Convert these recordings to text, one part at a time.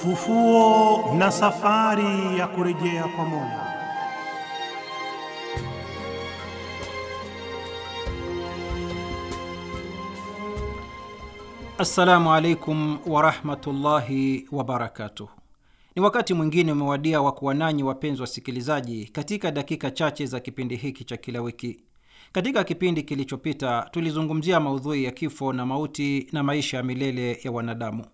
Ufufuo na safari ya kurejea kwa Mola. Assalamu alaikum warahmatullahi wabarakatuh. Ni wakati mwingine umewadia wa kuwa nanyi wapenzi wasikilizaji, katika dakika chache za kipindi hiki cha kila wiki. Katika kipindi kilichopita tulizungumzia maudhui ya kifo na mauti na maisha ya milele ya wanadamu.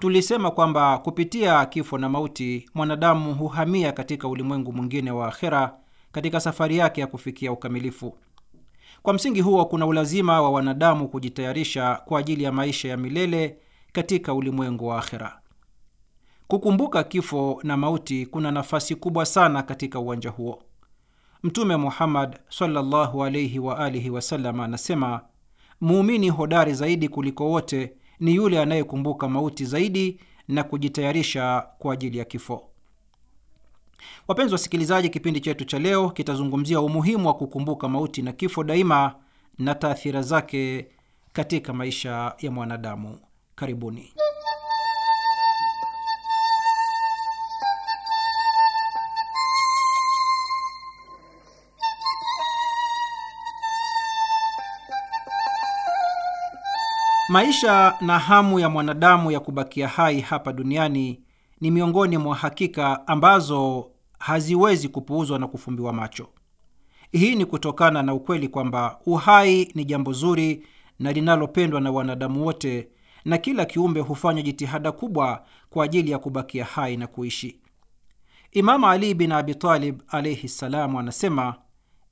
Tulisema kwamba kupitia kifo na mauti mwanadamu huhamia katika ulimwengu mwingine wa akhera katika safari yake ya kufikia ukamilifu. Kwa msingi huo, kuna ulazima wa wanadamu kujitayarisha kwa ajili ya maisha ya milele katika ulimwengu wa akhera. Kukumbuka kifo na mauti kuna nafasi kubwa sana katika uwanja huo. Mtume Muhammad sallallahu wa alihi wasallam anasema, muumini hodari zaidi kuliko wote ni yule anayekumbuka mauti zaidi na kujitayarisha kwa ajili ya kifo. Wapenzi wasikilizaji, kipindi chetu cha leo kitazungumzia umuhimu wa kukumbuka mauti na kifo daima na taathira zake katika maisha ya mwanadamu. Karibuni. Maisha na hamu ya mwanadamu ya kubakia hai hapa duniani ni miongoni mwa hakika ambazo haziwezi kupuuzwa na kufumbiwa macho. Hii ni kutokana na ukweli kwamba uhai ni jambo zuri na linalopendwa na wanadamu wote, na kila kiumbe hufanya jitihada kubwa kwa ajili ya kubakia hai na kuishi. Imamu Ali bin Abi Talib alaihi salamu anasema,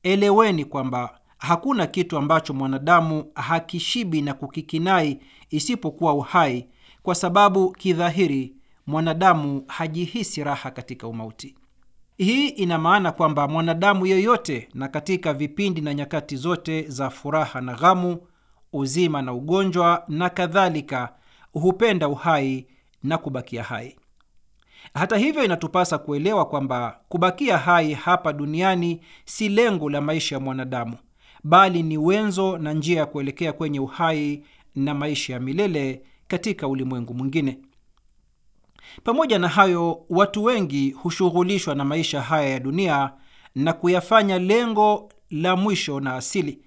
eleweni kwamba hakuna kitu ambacho mwanadamu hakishibi na kukikinai isipokuwa uhai, kwa sababu kidhahiri mwanadamu hajihisi raha katika umauti. Hii ina maana kwamba mwanadamu yeyote, na katika vipindi na nyakati zote za furaha na ghamu, uzima na ugonjwa na kadhalika, hupenda uhai na kubakia hai. Hata hivyo, inatupasa kuelewa kwamba kubakia hai hapa duniani si lengo la maisha ya mwanadamu bali ni wenzo na njia ya kuelekea kwenye uhai na maisha ya milele katika ulimwengu mwingine. Pamoja na hayo, watu wengi hushughulishwa na maisha haya ya dunia na kuyafanya lengo la mwisho na asili.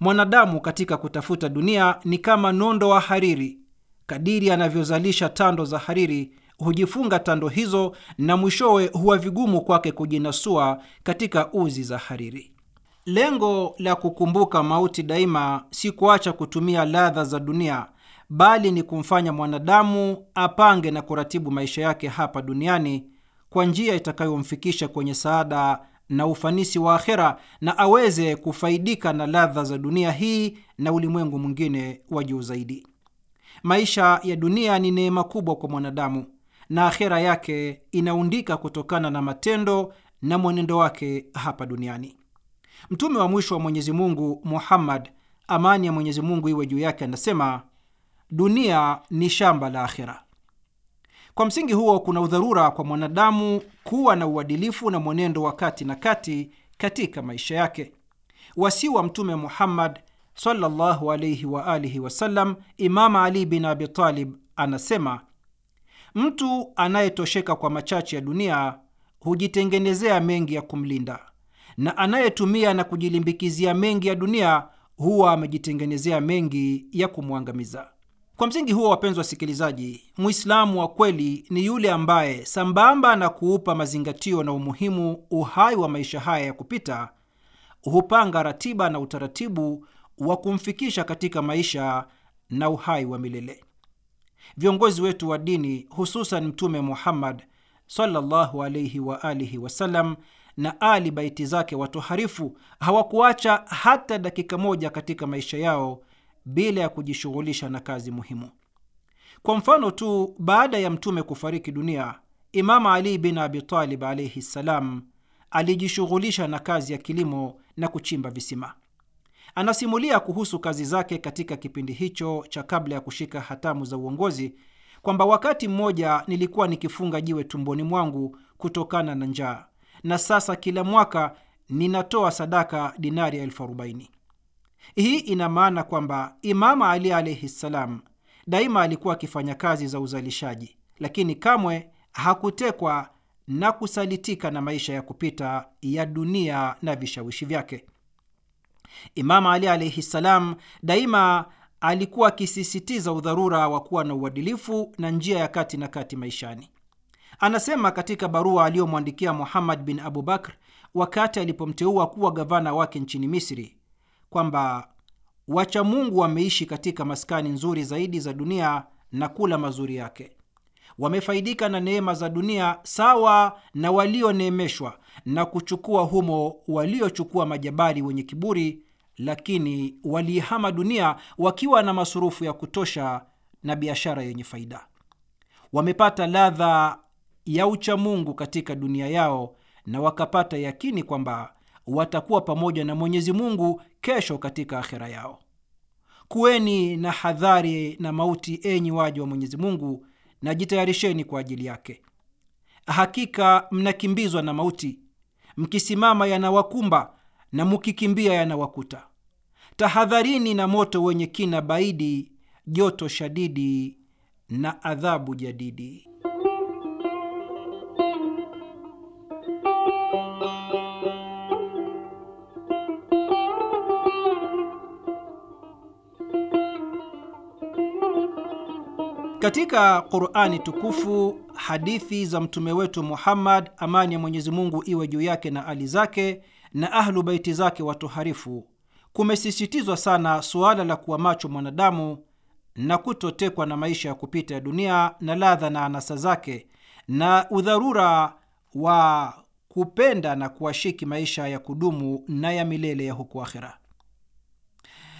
Mwanadamu katika kutafuta dunia ni kama nondo wa hariri. Kadiri anavyozalisha tando za hariri, hujifunga tando hizo na mwishowe huwa vigumu kwake kujinasua katika uzi za hariri. Lengo la kukumbuka mauti daima si kuacha kutumia ladha za dunia, bali ni kumfanya mwanadamu apange na kuratibu maisha yake hapa duniani kwa njia itakayomfikisha kwenye saada na ufanisi wa akhera na aweze kufaidika na ladha za dunia hii na ulimwengu mwingine wa juu zaidi. Maisha ya dunia ni neema kubwa kwa mwanadamu na akhera yake inaundika kutokana na matendo na mwenendo wake hapa duniani. Mtume wa mwisho wa Mwenyezi Mungu Muhammad, amani ya Mwenyezi Mungu iwe juu yake, anasema dunia ni shamba la akhira. Kwa msingi huo, kuna udharura kwa mwanadamu kuwa na uadilifu na mwenendo wa kati na kati katika maisha yake. wasi wa Mtume Muhammad sallallahu alayhi wa alihi wasallam, Imama Ali bin Abi Talib anasema mtu anayetosheka kwa machache ya dunia hujitengenezea mengi ya kumlinda na anayetumia na kujilimbikizia mengi ya dunia huwa amejitengenezea mengi ya kumwangamiza. Kwa msingi huo, wapenzi wasikilizaji, Muislamu wa kweli ni yule ambaye sambamba na kuupa mazingatio na umuhimu uhai wa maisha haya ya kupita, hupanga ratiba na utaratibu wa kumfikisha katika maisha na uhai wa milele. Viongozi wetu wa dini hususan Mtume Muhammad sallallahu alaihi wa alihi wasallam na ali baiti zake watoharifu hawakuacha hata dakika moja katika maisha yao bila ya kujishughulisha na kazi muhimu. Kwa mfano tu, baada ya Mtume kufariki dunia, Imamu Ali bin Abi Talib alaihi ssalam alijishughulisha na kazi ya kilimo na kuchimba visima. Anasimulia kuhusu kazi zake katika kipindi hicho cha kabla ya kushika hatamu za uongozi kwamba wakati mmoja nilikuwa nikifunga jiwe tumboni mwangu kutokana na njaa, na sasa kila mwaka ninatoa sadaka dinari elfu arobaini. Hii ina maana kwamba Imama Ali alaihi ssalam daima alikuwa akifanya kazi za uzalishaji, lakini kamwe hakutekwa na kusalitika na maisha ya kupita ya dunia na vishawishi vyake. Imama Ali alaihi ssalam daima alikuwa akisisitiza udharura wa kuwa na uadilifu na njia ya kati na kati maishani. Anasema katika barua aliyomwandikia Muhammad bin Abubakr wakati alipomteua kuwa gavana wake nchini Misri kwamba wachamungu wameishi katika maskani nzuri zaidi za dunia na kula mazuri yake, wamefaidika na neema za dunia sawa na walioneemeshwa, na kuchukua humo waliochukua majabari wenye kiburi, lakini waliihama dunia wakiwa na masurufu ya kutosha na biashara yenye faida. Wamepata ladha ya uchamungu katika dunia yao na wakapata yakini kwamba watakuwa pamoja na Mwenyezi Mungu kesho katika akhera yao. Kuweni na hadhari na mauti, enyi waja wa Mwenyezi Mungu, na jitayarisheni kwa ajili yake. Hakika mnakimbizwa na mauti, mkisimama yanawakumba na mukikimbia yanawakuta. Tahadharini na moto wenye kina baidi, joto shadidi na adhabu jadidi. Katika Qurani Tukufu, hadithi za mtume wetu Muhammad, amani ya Mwenyezi Mungu iwe juu yake na ali zake na ahlu baiti zake watoharifu, kumesisitizwa sana suala la kuwa macho mwanadamu na kutotekwa na maisha ya kupita ya dunia na ladha na anasa zake na udharura wa kupenda na kuwashiki maisha ya kudumu na ya milele ya huku akhera.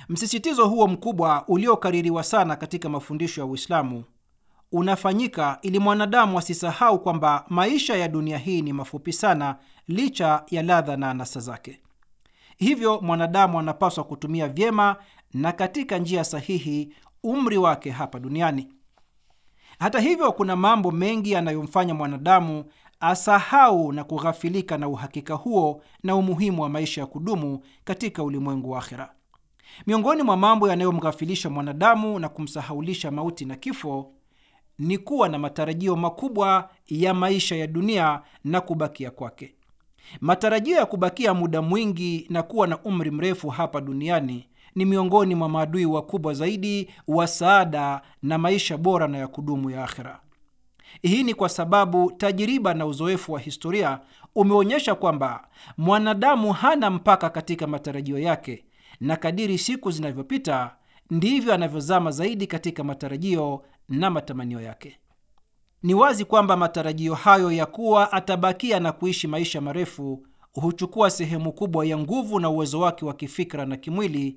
Msisitizo huo mkubwa uliokaririwa sana katika mafundisho ya Uislamu unafanyika ili mwanadamu asisahau kwamba maisha ya dunia hii ni mafupi sana, licha ya ladha na anasa zake. Hivyo mwanadamu anapaswa kutumia vyema na katika njia sahihi umri wake hapa duniani. Hata hivyo, kuna mambo mengi yanayomfanya mwanadamu asahau na kughafilika na uhakika huo na umuhimu wa maisha ya kudumu katika ulimwengu wa akhira Miongoni mwa mambo yanayomghafilisha mwanadamu na kumsahaulisha mauti na kifo ni kuwa na matarajio makubwa ya maisha ya dunia na kubakia kwake. Matarajio ya kubakia muda mwingi na kuwa na umri mrefu hapa duniani ni miongoni mwa maadui wakubwa zaidi wa saada na maisha bora na ya kudumu ya akhira Hii ni kwa sababu tajiriba na uzoefu wa historia umeonyesha kwamba mwanadamu hana mpaka katika matarajio yake, na kadiri siku zinavyopita ndivyo anavyozama zaidi katika matarajio na matamanio yake. Ni wazi kwamba matarajio hayo ya kuwa atabakia na kuishi maisha marefu huchukua sehemu kubwa ya nguvu na uwezo wake wa kifikra na kimwili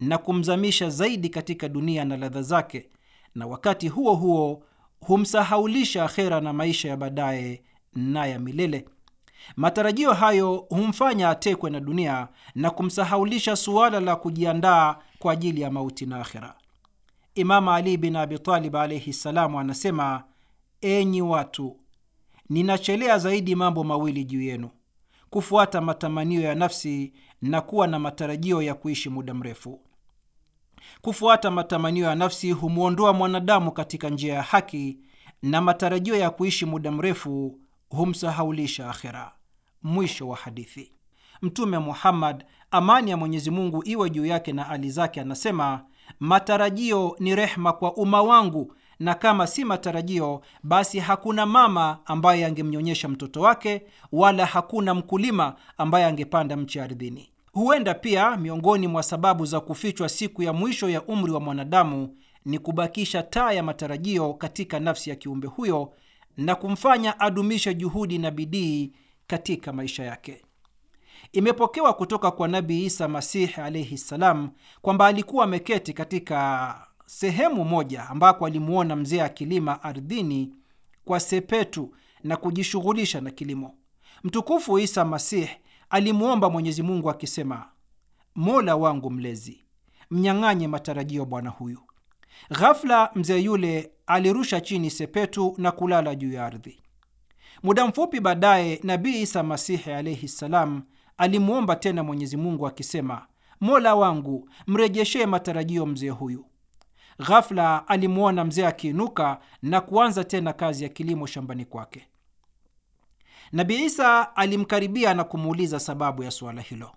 na kumzamisha zaidi katika dunia na ladha zake, na wakati huo huo humsahaulisha akhera na maisha ya baadaye na ya milele. Matarajio hayo humfanya atekwe na dunia na kumsahaulisha suala la kujiandaa kwa ajili ya mauti na akhera. Imamu Ali bin Abitalib alaihi ssalamu anasema, enyi watu, ninachelea zaidi mambo mawili juu yenu, kufuata matamanio ya nafsi na kuwa na matarajio ya kuishi muda mrefu. Kufuata matamanio ya nafsi humwondoa mwanadamu katika njia ya haki na matarajio ya kuishi muda mrefu humsahaulisha akhera. Mwisho wa hadithi. Mtume Muhammad, amani ya Mwenyezi Mungu iwe juu yake na ali zake, anasema matarajio ni rehma kwa umma wangu, na kama si matarajio, basi hakuna mama ambaye angemnyonyesha mtoto wake, wala hakuna mkulima ambaye angepanda mche ardhini. Huenda pia miongoni mwa sababu za kufichwa siku ya mwisho ya umri wa mwanadamu ni kubakisha taa ya matarajio katika nafsi ya kiumbe huyo na kumfanya adumishe juhudi na bidii katika maisha yake. Imepokewa kutoka kwa Nabi Isa Masihi alaihi ssalam kwamba alikuwa ameketi katika sehemu moja ambako alimuona mzee akilima ardhini kwa sepetu na kujishughulisha na kilimo. Mtukufu Isa masih alimuomba Mwenyezi Mungu akisema, Mola wangu Mlezi, mnyang'anye matarajio bwana huyu. Ghafla mzee yule alirusha chini sepetu na kulala juu ya ardhi. Muda mfupi baadaye Nabii Isa Masihi alaihi ssalam alimwomba tena Mwenyezi Mungu akisema, Mola wangu mrejeshee matarajio mzee huyu. Ghafla alimwona mzee akiinuka na kuanza tena kazi ya kilimo shambani kwake. Nabi Isa alimkaribia na kumuuliza sababu ya suala hilo.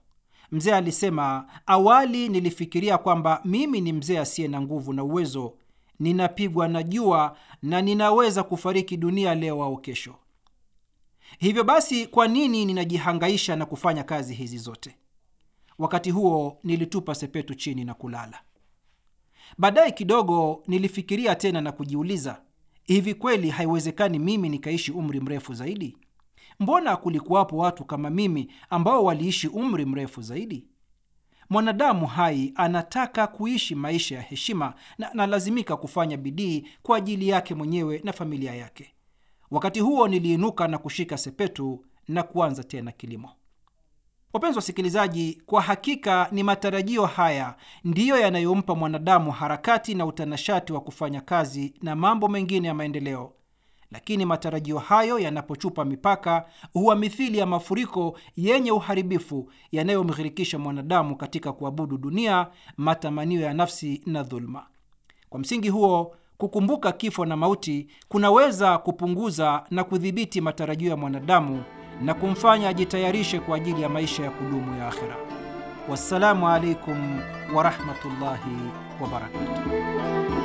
Mzee alisema, awali nilifikiria kwamba mimi ni mzee asiye na nguvu na uwezo, ninapigwa na jua na ninaweza kufariki dunia leo au kesho. Hivyo basi, kwa nini ninajihangaisha na kufanya kazi hizi zote? Wakati huo nilitupa sepetu chini na kulala. Baadaye kidogo nilifikiria tena na kujiuliza, hivi kweli haiwezekani mimi nikaishi umri mrefu zaidi? Mbona kulikuwapo watu kama mimi ambao waliishi umri mrefu zaidi? Mwanadamu hai anataka kuishi maisha ya heshima na analazimika kufanya bidii kwa ajili yake mwenyewe na familia yake. Wakati huo niliinuka na kushika sepetu na kuanza tena kilimo. Wapenzi wasikilizaji, kwa hakika ni matarajio haya ndiyo yanayompa mwanadamu harakati na utanashati wa kufanya kazi na mambo mengine ya maendeleo, lakini matarajio hayo yanapochupa mipaka huwa mithili ya mafuriko yenye uharibifu yanayomghirikisha mwanadamu katika kuabudu dunia, matamanio ya nafsi na dhuluma. Kwa msingi huo kukumbuka kifo na mauti kunaweza kupunguza na kudhibiti matarajio ya mwanadamu na kumfanya ajitayarishe kwa ajili ya maisha ya kudumu ya akhira Wassalamu alaikum warahmatullahi wabarakatuh.